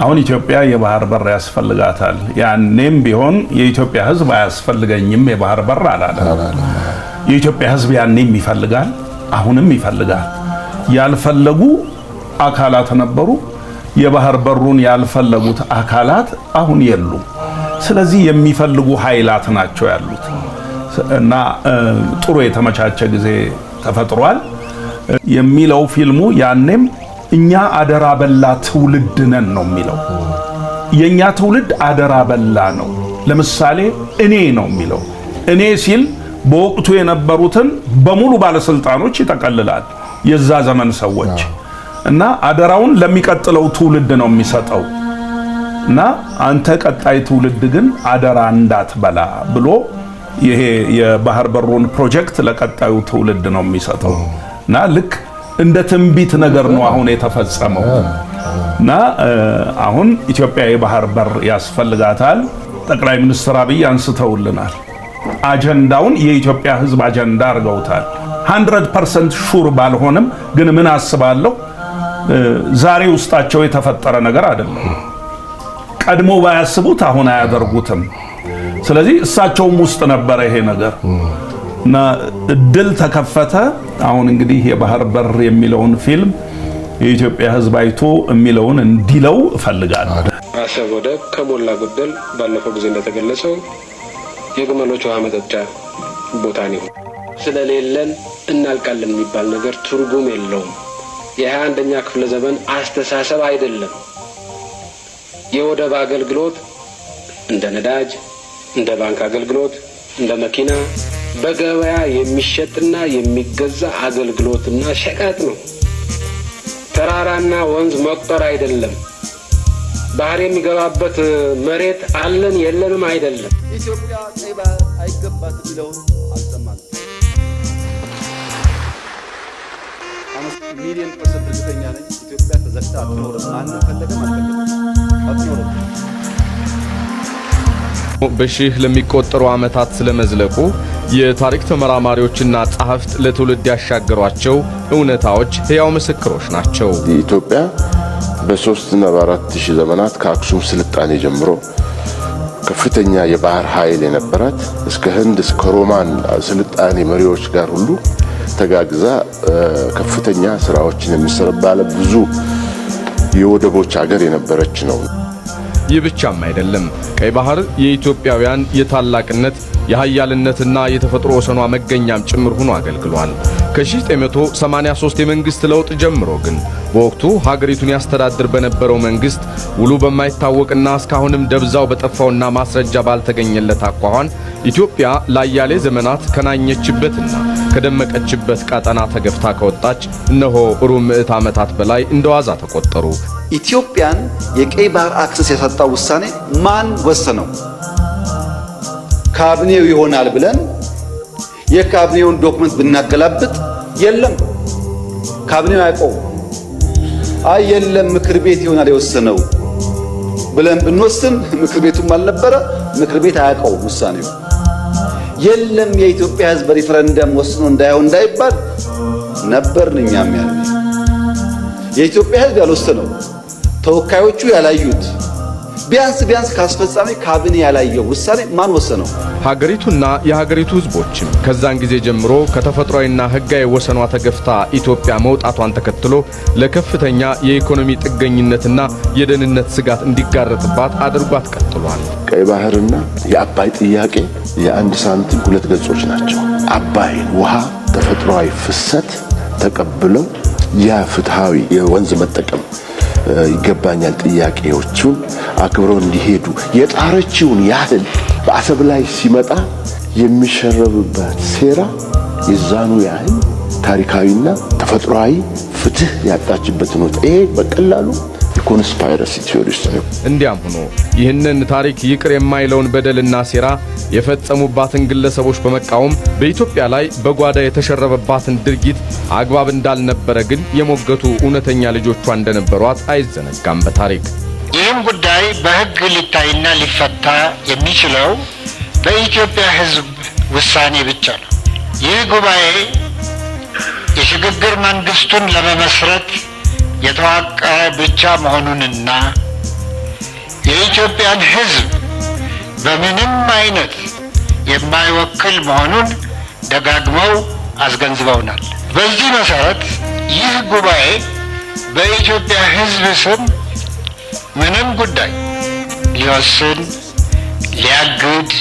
አሁን ኢትዮጵያ የባህር በር ያስፈልጋታል። ያኔም ቢሆን የኢትዮጵያ ሕዝብ አያስፈልገኝም የባህር በር አላለ። የኢትዮጵያ ሕዝብ ያኔም ይፈልጋል፣ አሁንም ይፈልጋል። ያልፈለጉ አካላት ነበሩ። የባህር በሩን ያልፈለጉት አካላት አሁን የሉ። ስለዚህ የሚፈልጉ ኃይላት ናቸው ያሉት እና ጥሩ የተመቻቸ ጊዜ ተፈጥሯል የሚለው ፊልሙ ያኔም እኛ አደራ በላ ትውልድ ነን ነው የሚለው። የእኛ ትውልድ አደራ በላ ነው። ለምሳሌ እኔ ነው የሚለው። እኔ ሲል በወቅቱ የነበሩትን በሙሉ ባለስልጣኖች ይጠቀልላል። የዛ ዘመን ሰዎች እና አደራውን ለሚቀጥለው ትውልድ ነው የሚሰጠው እና አንተ ቀጣይ ትውልድ ግን አደራ እንዳትበላ ብሎ ይሄ የባህር በሩን ፕሮጀክት ለቀጣዩ ትውልድ ነው የሚሰጠው እና ልክ እንደ ትንቢት ነገር ነው አሁን የተፈጸመው። እና አሁን ኢትዮጵያ የባህር በር ያስፈልጋታል። ጠቅላይ ሚኒስትር አብይ አንስተውልናል። አጀንዳውን የኢትዮጵያ ሕዝብ አጀንዳ አድርገውታል። 100% ሹር ባልሆንም ግን ምን አስባለሁ ዛሬ ውስጣቸው የተፈጠረ ነገር አይደለም። ቀድሞ ባያስቡት አሁን አያደርጉትም። ስለዚህ እሳቸውም ውስጥ ነበረ ይሄ ነገር እና እድል ተከፈተ። አሁን እንግዲህ የባህር በር የሚለውን ፊልም የኢትዮጵያ ሕዝብ አይቶ የሚለውን እንዲለው እፈልጋለሁ። አሰብ ወደብ ከሞላ ጎደል ባለፈው ጊዜ እንደተገለጸው የግመሎች ውሃ መጠጫ ቦታ ነው። ስለሌለን እናልቃለን የሚባል ነገር ትርጉም የለውም። የሀያ አንደኛ ክፍለ ዘመን አስተሳሰብ አይደለም። የወደብ አገልግሎት እንደ ነዳጅ፣ እንደ ባንክ አገልግሎት፣ እንደ መኪና በገበያ የሚሸጥና የሚገዛ አገልግሎትና ሸቀጥ ነው። ተራራና ወንዝ መቁጠር አይደለም። ባህር የሚገባበት መሬት አለን የለንም አይደለም። ኢትዮጵያ ቀይ ባህር አይገባት አምስት ሚሊዮን ፐርሰንት እርግጠኛ ነኝ። ኢትዮጵያ ተዘግታ አትኖርም። ማንም አትኖርም። በሺህ ለሚቆጠሩ ዓመታት ስለመዝለቁ የታሪክ ተመራማሪዎችና ጸሐፍት ለትውልድ ያሻገሯቸው እውነታዎች ሕያው ምስክሮች ናቸው። ኢትዮጵያ በሶስትና በአራት ሺህ ዘመናት ከአክሱም ስልጣኔ ጀምሮ ከፍተኛ የባህር ኃይል የነበራት እስከ ህንድ እስከ ሮማን ስልጣኔ መሪዎች ጋር ሁሉ ተጋግዛ ከፍተኛ ስራዎችን የሚሰራ ባለ ብዙ የወደቦች ሀገር የነበረች ነው። ይህ ብቻም አይደለም። ቀይ ባህር የኢትዮጵያውያን የታላቅነት የኃያልነትና የተፈጥሮ ወሰኗ መገኛም ጭምር ሆኖ አገልግሏል። ከ1983 የመንግሥት ለውጥ ጀምሮ ግን በወቅቱ ሀገሪቱን ያስተዳድር በነበረው መንግሥት ውሉ በማይታወቅና እስካሁንም ደብዛው በጠፋውና ማስረጃ ባልተገኘለት አኳኋን ኢትዮጵያ ላያሌ ዘመናት ከናኘችበትና ከደመቀችበት ቀጠና ተገፍታ ከወጣች እነሆ ሩብ ምዕት ዓመታት በላይ እንደዋዛ ተቆጠሩ። ኢትዮጵያን የቀይ ባህር አክሰስ ያሳጣው ውሳኔ ማን ወሰነው? ካቢኔው ይሆናል ብለን የካቢኔውን ዶክመንት ብናገላብጥ የለም፣ ካቢኔው አያውቀውም። አይ የለም፣ ምክር ቤት ይሆናል የወሰነው ብለን ብንወስን ምክር ቤቱም አልነበረ፣ ምክር ቤት አያውቀው ውሳኔው የለም የኢትዮጵያ ህዝብ በሪፈረንደም ወስኖ እንዳይሆን እንዳይባል ነበር እኛም ያለ የኢትዮጵያ ሕዝብ ያልወሰነው ተወካዮቹ ያላዩት ቢያንስ ቢያንስ ካስፈጻሚ ካቢኔ ያላየው ውሳኔ ማን ወሰነው? ሀገሪቱና የሀገሪቱ ህዝቦችም ከዛን ጊዜ ጀምሮ ከተፈጥሯዊና ህጋዊ ወሰኗ ተገፍታ ኢትዮጵያ መውጣቷን ተከትሎ ለከፍተኛ የኢኮኖሚ ጥገኝነትና የደህንነት ስጋት እንዲጋረጥባት አድርጓት ቀጥሏል። ቀይ ባህርና የአባይ ጥያቄ የአንድ ሳንቲም ሁለት ገጾች ናቸው። አባይ ውሃ ተፈጥሯዊ ፍሰት ተቀብለው ያ ፍትሃዊ የወንዝ መጠቀም ይገባኛል ጥያቄዎቹን አክብረው እንዲሄዱ የጣረችውን ያህል በአሰብ ላይ ሲመጣ የሚሸረብበት ሴራ የዛኑ ያህል ታሪካዊና ተፈጥሯዊ ፍትህ ያጣችበት ነው። ይሄ በቀላሉ የኮንስፓይረሲ ቲዮሪስት ነው። እንዲያም ሆኖ ይህንን ታሪክ ይቅር የማይለውን በደልና ሴራ የፈጸሙባትን ግለሰቦች በመቃወም በኢትዮጵያ ላይ በጓዳ የተሸረበባትን ድርጊት አግባብ እንዳልነበረ ግን የሞገቱ እውነተኛ ልጆቿ እንደነበሯት አይዘነጋም በታሪክ። ይህም ጉዳይ በሕግ ሊታይና ሊፈታ የሚችለው በኢትዮጵያ ሕዝብ ውሳኔ ብቻ ነው። ይህ ጉባኤ የሽግግር መንግስቱን ለመመስረት የተዋቀረ ብቻ መሆኑንና የኢትዮጵያን ሕዝብ በምንም አይነት የማይወክል መሆኑን ደጋግመው አስገንዝበውናል። በዚህ መሰረት ይህ ጉባኤ በኢትዮጵያ ሕዝብ ስም ምንም ጉዳይ ሊወስን ሊያግድ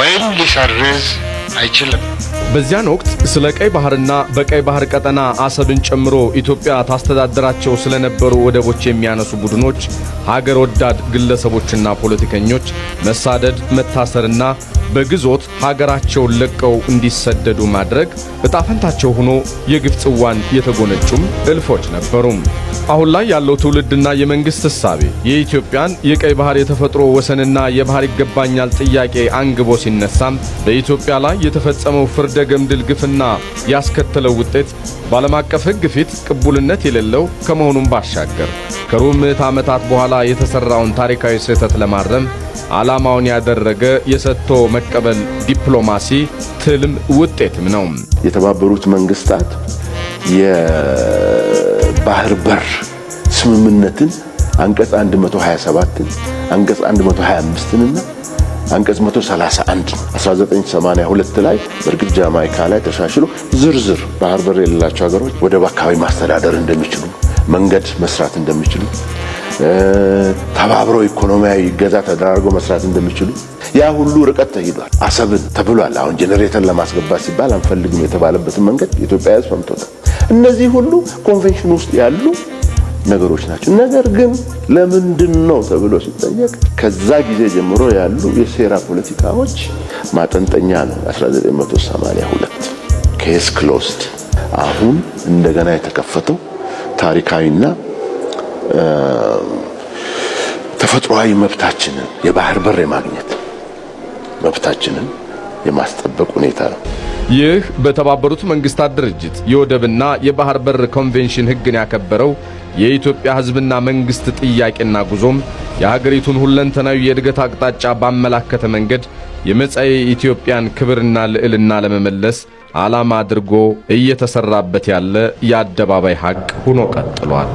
ወይም ሊሰርዝ አይችልም። በዚያን ወቅት ስለ ቀይ ባህርና በቀይ ባህር ቀጠና አሰብን ጨምሮ ኢትዮጵያ ታስተዳድራቸው ስለነበሩ ወደቦች የሚያነሱ ቡድኖች፣ ሀገር ወዳድ ግለሰቦችና ፖለቲከኞች መሳደድ፣ መታሰርና በግዞት ሀገራቸውን ለቀው እንዲሰደዱ ማድረግ እጣፈንታቸው ሆኖ የግፍ ጽዋን የተጎነጩም እልፎች ነበሩ። አሁን ላይ ያለው ትውልድና የመንግስት እሳቤ የኢትዮጵያን የቀይ ባህር የተፈጥሮ ወሰንና የባህር ይገባኛል ጥያቄ አንግቦ ሲነሳም በኢትዮጵያ ላይ የተፈጸመው ፍርድ የመደገም ድል ግፍና ያስከተለው ውጤት በዓለም አቀፍ ሕግ ፊት ቅቡልነት የሌለው ከመሆኑም ባሻገር ከሩብ ምዕት ዓመታት በኋላ የተሠራውን ታሪካዊ ስህተት ለማረም ዓላማውን ያደረገ የሰጥቶ መቀበል ዲፕሎማሲ ትልም ውጤትም ነው። የተባበሩት መንግስታት የባህር በር ስምምነትን አንቀጽ 127ን አንቀጽ 125ንና አንቀጽ 131 1982 ላይ በእርግጥ ጃማይካ ላይ ተሻሽሎ ዝርዝር ባህር በር የሌላቸው ሀገሮች ወደብ አካባቢ ማስተዳደር እንደሚችሉ፣ መንገድ መስራት እንደሚችሉ፣ ተባብረው ኢኮኖሚያዊ እገዛ ተደራርገው መስራት እንደሚችሉ ያ ሁሉ ርቀት ተሂዷል። አሰብን ተብሏል። አሁን ጄኔሬተር ለማስገባት ሲባል አንፈልግም የተባለበትን መንገድ የኢትዮጵያ ሕዝብ ሰምቶታል። እነዚህ ሁሉ ኮንቬንሽን ውስጥ ያሉ ነገሮች ናቸው። ነገር ግን ለምንድን ነው ተብሎ ሲጠየቅ ከዛ ጊዜ ጀምሮ ያሉ የሴራ ፖለቲካዎች ማጠንጠኛ ነው። 1982 ኬስ ክሎስድ። አሁን እንደገና የተከፈተው ታሪካዊና ተፈጥሯዊ መብታችንን የባህር በር የማግኘት መብታችንን የማስጠበቅ ሁኔታ ነው። ይህ በተባበሩት መንግስታት ድርጅት የወደብና የባህር በር ኮንቬንሽን ህግን ያከበረው የኢትዮጵያ ሕዝብና መንግስት ጥያቄና ጉዞም የሀገሪቱን ሁለንተናዊ የእድገት አቅጣጫ ባመላከተ መንገድ የመጻኢ ኢትዮጵያን ክብርና ልዕልና ለመመለስ ዓላማ አድርጎ እየተሰራበት ያለ የአደባባይ ሐቅ ሆኖ ቀጥሏል።